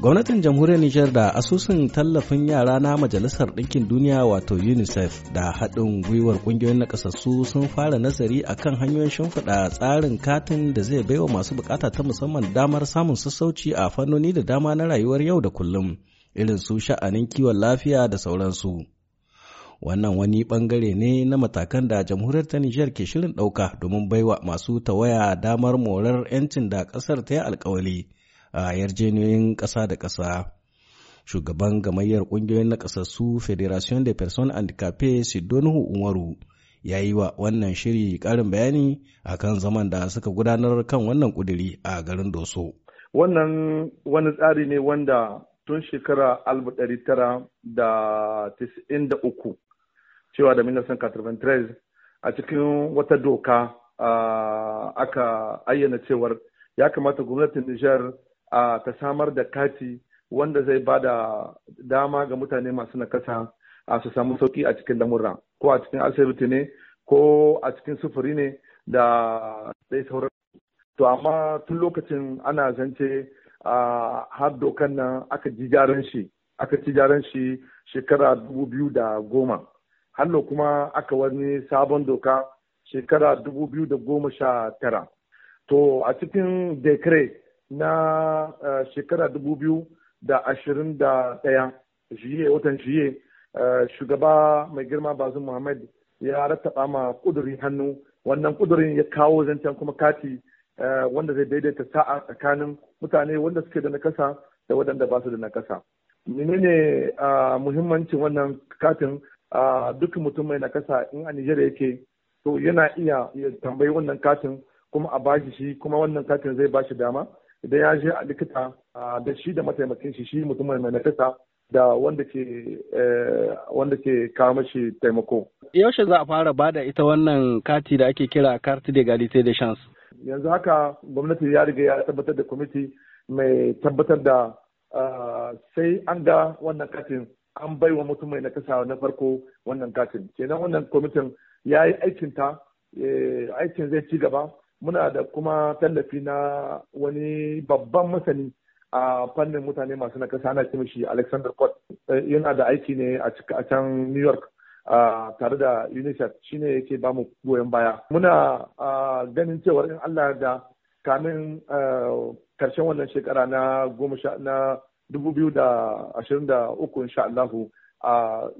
Gwamnatin jamhuriyar Nijar da asusun tallafin yara na Majalisar Ɗinkin Duniya wato UNICEF da haɗin gwiwar ƙungiyoyin nakasassu sun fara nazari a kan hanyoyin shimfiɗa tsarin katin da zai baiwa masu bukata ta musamman damar samun sassauci a fannoni da dama na rayuwar yau da kullum, irin su sha'anin kiwon lafiya da sauransu. Wannan wani ɓangare ne na matakan da jamhuriyar ta Nijar ke shirin ɗauka domin baiwa masu tawaya damar morar 'yancin da ƙasar ta yi alkawali. a yarjejeniyoyin ƙasa da ƙasa. Shugaban gamayyar ƙungiyoyin na ƙasassu Federation de Personnes Handicapées Sidonu Umaru ya yi wa wannan shiri ƙarin bayani a kan zaman da suka gudanar kan wannan kudiri a garin Doso. Wannan wani tsari ne wanda tun shekara da da 1993 cewa da 1993 a cikin wata doka aka ayyana cewar ya kamata gwamnatin Nijar ta samar da kati wanda zai ba da dama ga mutane masu nakasa a su samu sauki a cikin lamurra ko a cikin asibiti ne ko a cikin sufuri ne da dai sauran to amma tun lokacin ana zance a har dokan nan aka ji jaran shi aka ci jaran shi shekara dubu biyu da goma hannu kuma aka wani sabon doka shekara dubu biyu da goma sha tara to a cikin dekret na eh, shekara dubu biyu da ashirin da ɗaya shiye watan jiye eh, shugaba mai girma bazin muhammad ya rattaba ma kudurin hannu wannan kudurin ya kawo zancen kuma kati eh, wanda zai daidaita sa'a tsakanin mutane wanda suke da nakasa da waɗanda ba su da nakasa menene muhimmancin wannan katin duk mutum mai nakasa in a nijar yake to yana iya tambayi wannan katin kuma a bashi shi kuma wannan katin zai bashi dama idan ya je a likita da shi da mataimakin shi shi mutumin mai nakasa da wanda ke e, wanda ke kawo mashi taimako. Yaushe za a fara ba da ita wannan kati da ake kira carte d'égalité de chance? Yanzu haka gwamnati ya riga ya tabbatar da kwamiti mai tabbatar da sai an ga wannan katin an bai wa mutum mai nakasa na farko wannan katin. Kenan wannan kwamitin ya yi aikinta e, aikin zai ci gaba muna da kuma tallafi na wani babban masani a fannin mutane masu nakasa ana ce shi alexander Kot. Eh, yana da aiki ne a can new york tare da unicef shine yake ba mu goyon baya muna ganin cewar in allah da kamin karshen wannan shekara na goma sha na dubu biyu da ashirin da uku insha allahu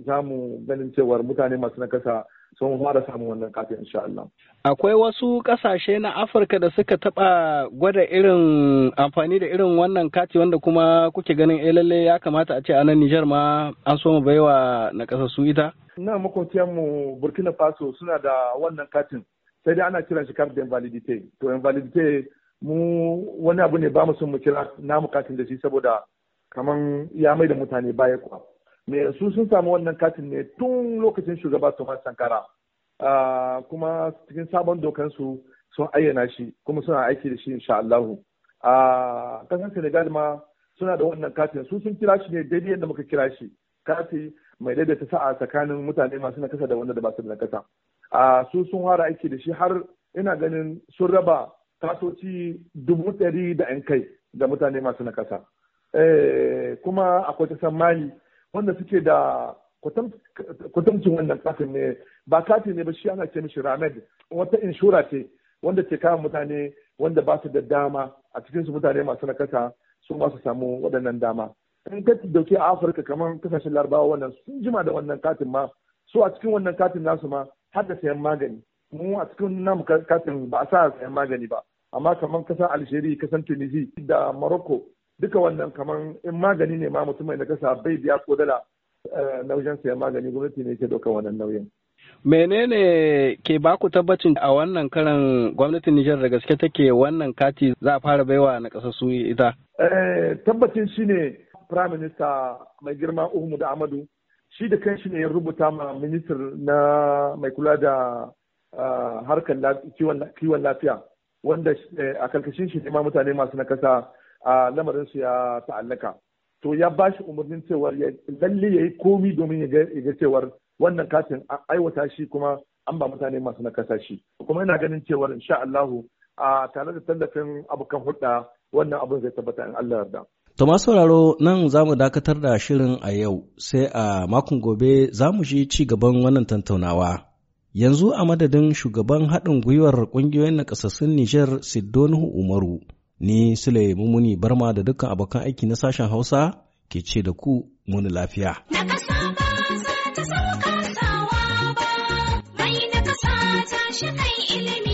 za mu ganin cewar mutane masu nakasa sun fara samun wannan kafin insha Allah. Akwai wasu kasashe na Afirka da suka taba gwada irin amfani da irin wannan kati wanda kuma kuke ganin eh lalle ya kamata a ce a nan Nijar ma an so mu baiwa na ƙasar ita. Na mu Burkina Faso suna da wannan katin sai dai ana kiran shi kafin d'invalidité to invalidité mu wani abu ne ba mu son mu kira namu katin da shi saboda kaman ya mai da mutane baya kuwa. me su sun samu wannan katin ne tun lokacin shugaba Thomas Sankara ah, kuma cikin sabon dokansu sun ayyana shi kuma suna aiki da shi insha Allah a ah, kasan Senegal ma suna da wannan katin su sun kira shi ne daidai yadda muka kira shi kati mai daidaita sa'a tsakanin mutane masu nakasa da wanda da ba su da nakasa a ah, su sun fara aiki da shi har ina ganin sun raba kasoci dubu ɗari da 'yan kai ga mutane masu nakasa eh, kuma akwai ta san mali wanda suke da kwatancin wannan katin ne ba katin ne ba shi ana ce mishi ramed wata inshura ce wanda ke kama mutane wanda ba su da dama a cikin su mutane masu nakasa su ma su samu waɗannan dama in ka dauki a afirka kamar kasashen larabawa wannan sun jima da wannan katin ma su a cikin wannan katin nasu ma har da sayan magani mu a cikin namu katin ba a sa sayan magani ba amma kamar kasar algeria kasar tunisia da morocco duka wannan kamar in magani ne ma mutum mai nakasa bai biya ko dala eh, na wajen sayan magani gwamnati ne ke doka wannan nauyin. menene ke baku tabbacin a wannan karan gwamnatin Nijar da gaske take wannan kati za a fara baiwa na yi ita? Eh, tabbacin shi ne Prime Minister mai girma da Ahmadu shi da kan shi ne ya rubuta ma minister na mai kula da eh, harkar kiwon lafiya wanda a karkashin shi ne ma mutane masu nakasa a lamarin su ya ta'allaka to ya ba shi umarnin cewar lalle ya yi komi domin ya ga cewar wannan katin aiwata shi kuma an ba mutane masu kasa shi kuma ina ganin cewar insha Allahu a tare da tallafin abokan hulɗa wannan abin zai tabbata in Allah yarda. To masu sauraro nan za mu dakatar da shirin a yau sai a makon gobe za mu shi ci gaban wannan tantaunawa. Yanzu a madadin shugaban haɗin gwiwar ƙungiyoyin na ƙasassun Nijar Sidonu Umaru. Ni Sule Mumuni Barma da dukkan abokan aiki na sashen Hausa ke ce da ku muni lafiya. ilimi.